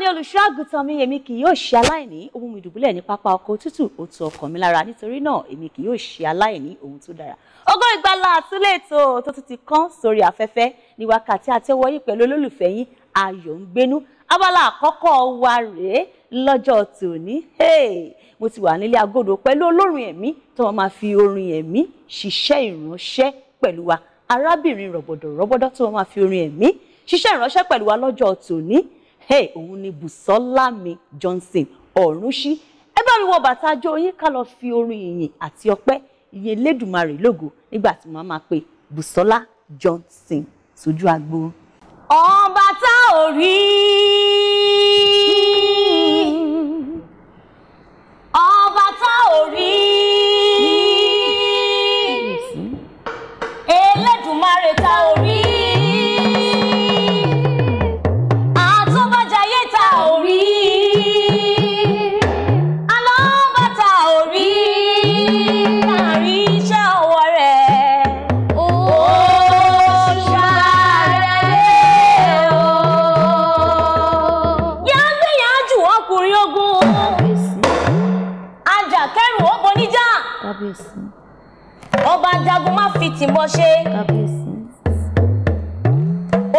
ni olùṣọ́ àgùntàn mi èmi kì yóò ṣe aláìní ó mú mi dùbúlẹ̀ ní pápá ọkọ̀ òtútù ó tu ọkàn mi lára nítorí náà èmi kì yóò ṣe aláìní ohun tó dára. Ògo Ìgbàlà àtúnlẹ̀ ètò tó tún ti kán sórí afẹ́fẹ́ ní wákàtí àtẹ́wọ́ yìí pẹ̀lú olólùfẹ́ yín Ayọ̀ǹgbénú abala àkọ́kọ́ wa rèé lọ́jọ́ tòní mo ti wà nílé agodo pẹ̀lú olórin ẹ̀mí tó máa fi orin ẹ̀mí ṣiṣẹ́ ìránṣẹ́ pẹ̀lú wa arábìnrin rọ̀bọ̀dọ̀ rọ́bọ́dọ́ tó máa fi orin ẹ̀mí ṣiṣẹ́ ìránṣẹ́ pẹ̀lú wa lọ́jọ́ tòní hey òun ni Bùsọ́lá Johnson Ọ̀rúnṣí ẹ bá mi wọ bàtà jó yín ká lọ fi orin ìyìn àti ọpẹ́ ìyìn Elédùmarè lógo nígbà tí màá máa pe Bùsọ́lá Johnson sójú agbo. ọba tá ò rí i. kẹrù ó boníjà. kábíyèsí. ọba jagun má fi tìmọ̀ ṣe. kábíyèsí.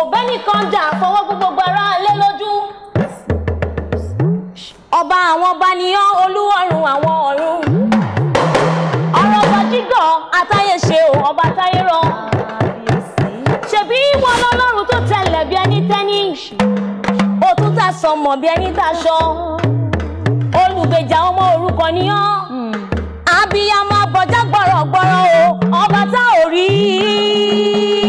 òbẹ́nìkan jà fọwọ́ gbogbo ara lé lójú. ọba àwọn ọba nìyàn olúwọ̀run àwọn ọ̀run. ọ̀rọ̀ ọba jígbọ̀ atáyé ṣe ò ọba táyé rọ. ṣèbí wọn lọ́lọ́run tó tẹ̀lẹ̀ bí ẹni tẹ́ni. òtún tà sọmọ bí ẹni tà sọ ògbèjà ọmọ orúkọ níyàn hmm. abiyamọ abọjá gbọrọgbọrọ o ọba tá ò rí i.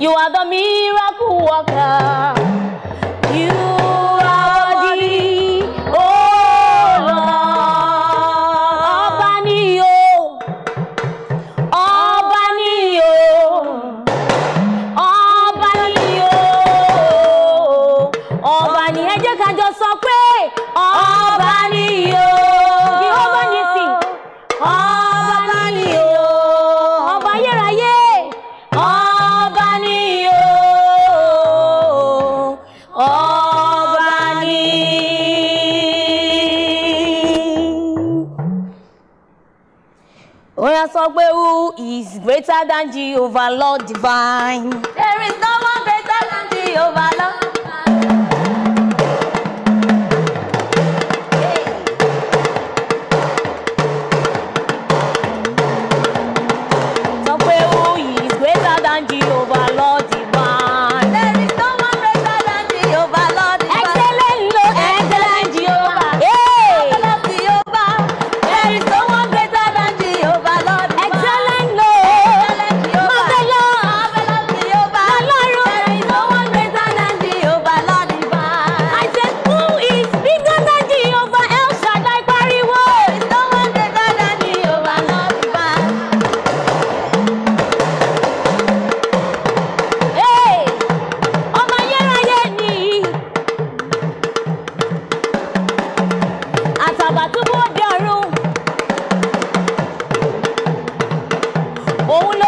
You are the miracle worker. You Greater than Jehovah, Lord divine. There is no one greater than Jehovah, Lord.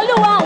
olúwa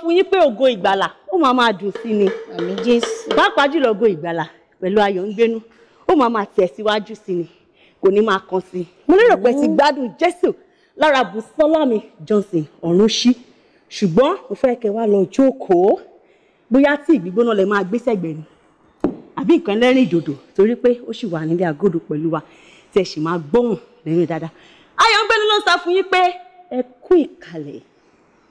fún yín pé ògo ìgbàlà ó máa máa dùn sí ni àmín jésù pàápàá jùlọ ògo ìgbàlà pẹ̀lú ayọ̀ ń gbénú ó máa máa tẹ̀síwájú sí ni kò ní máa kan sí i mo lérò pé ti gbádùn jésù lára Bùsọ́lámi Johnson ọ̀run ṣí ṣùgbọ́n mo fẹ́ kẹ́ wá lọ jókòó bóyá tí ìgbígbóná lè máa gbé sẹ́gbẹ̀ẹ́ ni àbí nǹkan lẹ́rìn ìdòdò torí pé ó sì wà nílé àgọ́dọ̀ pẹ̀lú wa tí ẹ sì máa gbóhùn lẹ́rìn dáadáa ayọ̀ ń gbénú ló ń sọ fún yín pé ẹ kú ìkàlẹ̀.